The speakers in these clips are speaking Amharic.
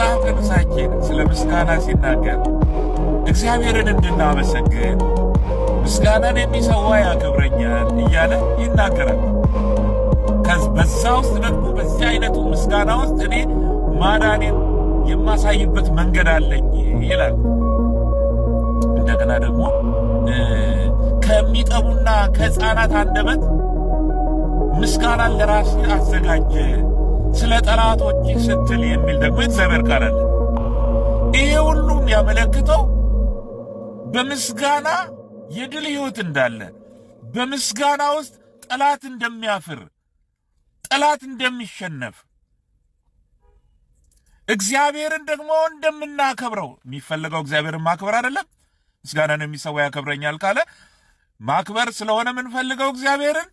መጽሐፍ ቅዱሳችን ስለ ምስጋና ሲናገር እግዚአብሔርን እንድናመሰግን ምስጋናን የሚሰዋ ያከብረኛል እያለ ይናገራል። በዛ ውስጥ ደግሞ በዚህ አይነቱ ምስጋና ውስጥ እኔ ማዳኔን የማሳይበት መንገድ አለኝ ይላል። እንደገና ደግሞ ከሚጠቡና ከሕፃናት አንደበት ምስጋናን ለራስ አዘጋጀ ስለ ጠላቶች ስትል የሚል ደግሞ እግዚአብሔር ቃል አለ። ይሄ ሁሉም ያመለክተው በምስጋና የድል ህይወት እንዳለ፣ በምስጋና ውስጥ ጠላት እንደሚያፍር፣ ጠላት እንደሚሸነፍ፣ እግዚአብሔርን ደግሞ እንደምናከብረው። የሚፈለገው እግዚአብሔርን ማክበር አይደለም። ምስጋናን የሚሰዋ ያከብረኛል ካለ ማክበር ስለሆነ የምንፈልገው እግዚአብሔርን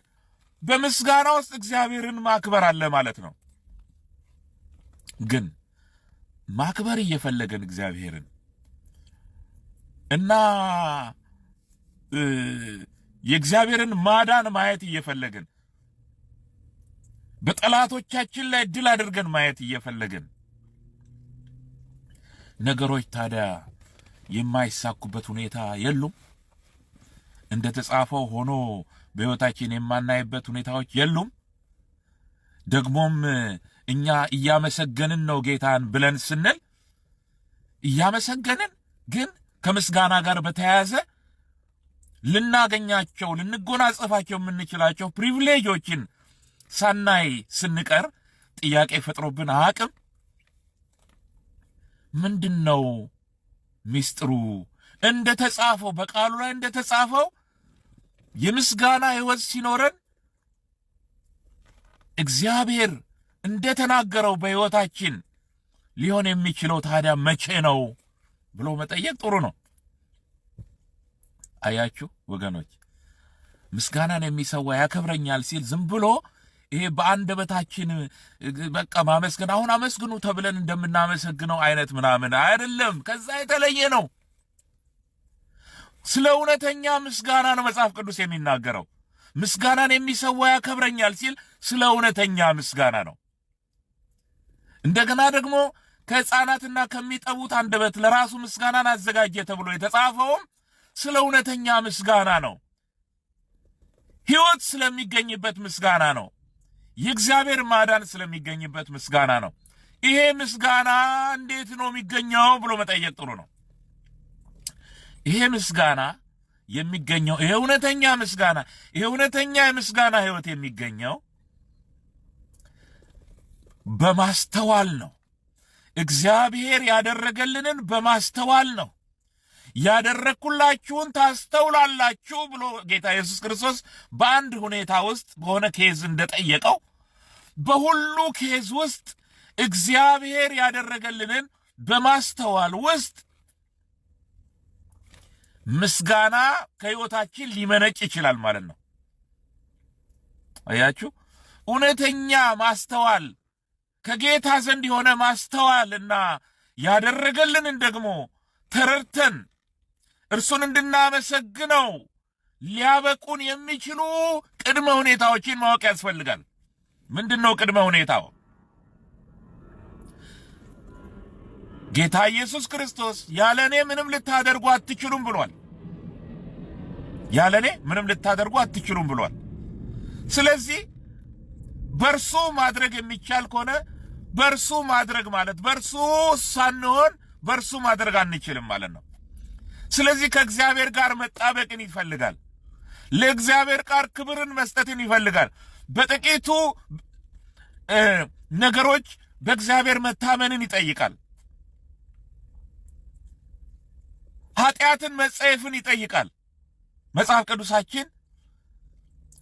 በምስጋና ውስጥ እግዚአብሔርን ማክበር አለ ማለት ነው። ግን ማክበር እየፈለገን እግዚአብሔርን እና የእግዚአብሔርን ማዳን ማየት እየፈለግን በጠላቶቻችን ላይ ድል አድርገን ማየት እየፈለግን ነገሮች ታዲያ የማይሳኩበት ሁኔታ የሉም። እንደ ተጻፈው ሆኖ በሕይወታችን የማናይበት ሁኔታዎች የሉም። ደግሞም እኛ እያመሰገንን ነው ጌታን ብለን ስንል እያመሰገንን ግን ከምስጋና ጋር በተያያዘ ልናገኛቸው ልንጎናጸፋቸው የምንችላቸው ፕሪቪሌጆችን ሳናይ ስንቀር ጥያቄ ፈጥሮብን አቅም ምንድን ነው ሚስጥሩ? እንደ ተጻፈው በቃሉ ላይ እንደ ተጻፈው የምስጋና ሕይወት ሲኖረን እግዚአብሔር እንደተናገረው በሕይወታችን ሊሆን የሚችለው ታዲያ መቼ ነው ብሎ መጠየቅ ጥሩ ነው። አያችሁ ወገኖች፣ ምስጋናን የሚሰዋ ያከብረኛል ሲል ዝም ብሎ ይሄ በአንደበታችን በቃ ማመስገን አሁን አመስግኑ ተብለን እንደምናመሰግነው አይነት ምናምን አይደለም። ከዛ የተለየ ነው። ስለ እውነተኛ ምስጋና ነው መጽሐፍ ቅዱስ የሚናገረው። ምስጋናን የሚሰዋ ያከብረኛል ሲል ስለ እውነተኛ ምስጋና ነው። እንደገና ደግሞ ከሕፃናትና ከሚጠቡት አንደበት ለራሱ ምስጋናን አዘጋጀ ተብሎ የተጻፈውም ስለ እውነተኛ ምስጋና ነው። ሕይወት ስለሚገኝበት ምስጋና ነው። የእግዚአብሔር ማዳን ስለሚገኝበት ምስጋና ነው። ይሄ ምስጋና እንዴት ነው የሚገኘው ብሎ መጠየቅ ጥሩ ነው። ይሄ ምስጋና የሚገኘው ይሄ እውነተኛ ምስጋና ይሄ እውነተኛ የምስጋና ሕይወት የሚገኘው በማስተዋል ነው። እግዚአብሔር ያደረገልንን በማስተዋል ነው። ያደረግኩላችሁን ታስተውላላችሁ ብሎ ጌታ ኢየሱስ ክርስቶስ በአንድ ሁኔታ ውስጥ በሆነ ኬዝ እንደጠየቀው በሁሉ ኬዝ ውስጥ እግዚአብሔር ያደረገልንን በማስተዋል ውስጥ ምስጋና ከሕይወታችን ሊመነጭ ይችላል ማለት ነው። አያችሁ፣ እውነተኛ ማስተዋል ከጌታ ዘንድ የሆነ ማስተዋልና ያደረገልንን ደግሞ ተረድተን እርሱን እንድናመሰግነው ሊያበቁን የሚችሉ ቅድመ ሁኔታዎችን ማወቅ ያስፈልጋል። ምንድን ነው ቅድመ ሁኔታው? ጌታ ኢየሱስ ክርስቶስ ያለ እኔ ምንም ልታደርጉ አትችሉም ብሏል። ያለ እኔ ምንም ልታደርጉ አትችሉም ብሏል። ስለዚህ በእርሱ ማድረግ የሚቻል ከሆነ በእርሱ ማድረግ ማለት በእርሱ ሳንሆን በእርሱ ማድረግ አንችልም ማለት ነው። ስለዚህ ከእግዚአብሔር ጋር መጣበቅን ይፈልጋል። ለእግዚአብሔር ጋር ክብርን መስጠትን ይፈልጋል። በጥቂቱ ነገሮች በእግዚአብሔር መታመንን ይጠይቃል። ኃጢአትን መጸየፍን ይጠይቃል። መጽሐፍ ቅዱሳችን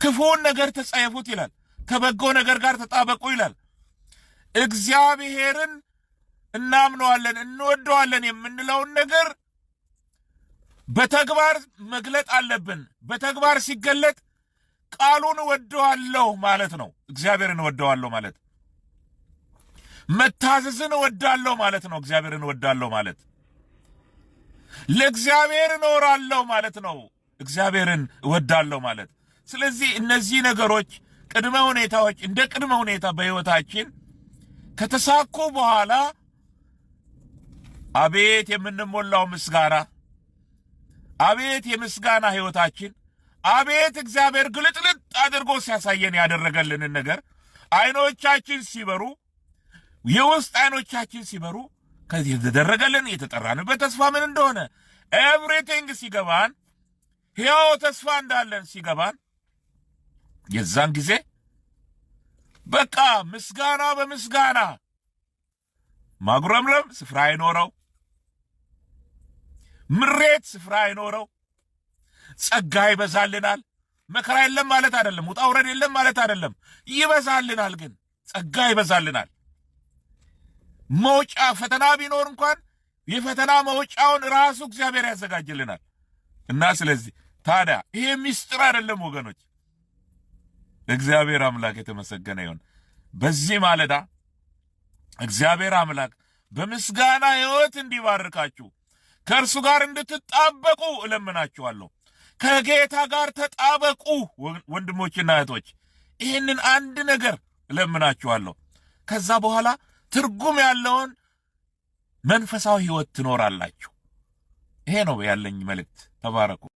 ክፉውን ነገር ተጸየፉት ይላል፣ ከበጎ ነገር ጋር ተጣበቁ ይላል። እግዚአብሔርን እናምነዋለን እንወደዋለን የምንለውን ነገር በተግባር መግለጥ አለብን። በተግባር ሲገለጥ ቃሉን እወደዋለሁ ማለት ነው። እግዚአብሔርን እወደዋለሁ ማለት መታዘዝን እወዳለሁ ማለት ነው። እግዚአብሔርን እወዳለሁ ማለት ለእግዚአብሔር እኖራለሁ ማለት ነው። እግዚአብሔርን እወዳለሁ ማለት ስለዚህ እነዚህ ነገሮች ቅድመ ሁኔታዎች እንደ ቅድመ ሁኔታ በሕይወታችን ከተሳኩ በኋላ አቤት የምንሞላው ምስጋና፣ አቤት የምስጋና ህይወታችን አቤት እግዚአብሔር ግልጥልጥ አድርጎ ሲያሳየን ያደረገልንን ነገር አይኖቻችን ሲበሩ የውስጥ አይኖቻችን ሲበሩ ከዚህ የተደረገልን የተጠራንበት ተስፋ ምን እንደሆነ ኤቭሪቲንግ ሲገባን ሕያው ተስፋ እንዳለን ሲገባን የዛን ጊዜ በቃ ምስጋና በምስጋና ማጉረምረም ስፍራ አይኖረው፣ ምሬት ስፍራ አይኖረው። ጸጋ ይበዛልናል። መከራ የለም ማለት አይደለም፣ ውጣ ውረድ የለም ማለት አይደለም። ይበዛልናል፣ ግን ጸጋ ይበዛልናል። መውጫ ፈተና ቢኖር እንኳን የፈተና መውጫውን ራሱ እግዚአብሔር ያዘጋጅልናል እና ስለዚህ ታዲያ ይሄ ምስጢር አይደለም ወገኖች እግዚአብሔር አምላክ የተመሰገነ ይሁን። በዚህ ማለዳ እግዚአብሔር አምላክ በምስጋና ሕይወት እንዲባርካችሁ ከእርሱ ጋር እንድትጣበቁ እለምናችኋለሁ። ከጌታ ጋር ተጣበቁ ወንድሞችና እህቶች፣ ይህንን አንድ ነገር እለምናችኋለሁ። ከዛ በኋላ ትርጉም ያለውን መንፈሳዊ ሕይወት ትኖራላችሁ። ይሄ ነው ያለኝ መልእክት። ተባረኩ።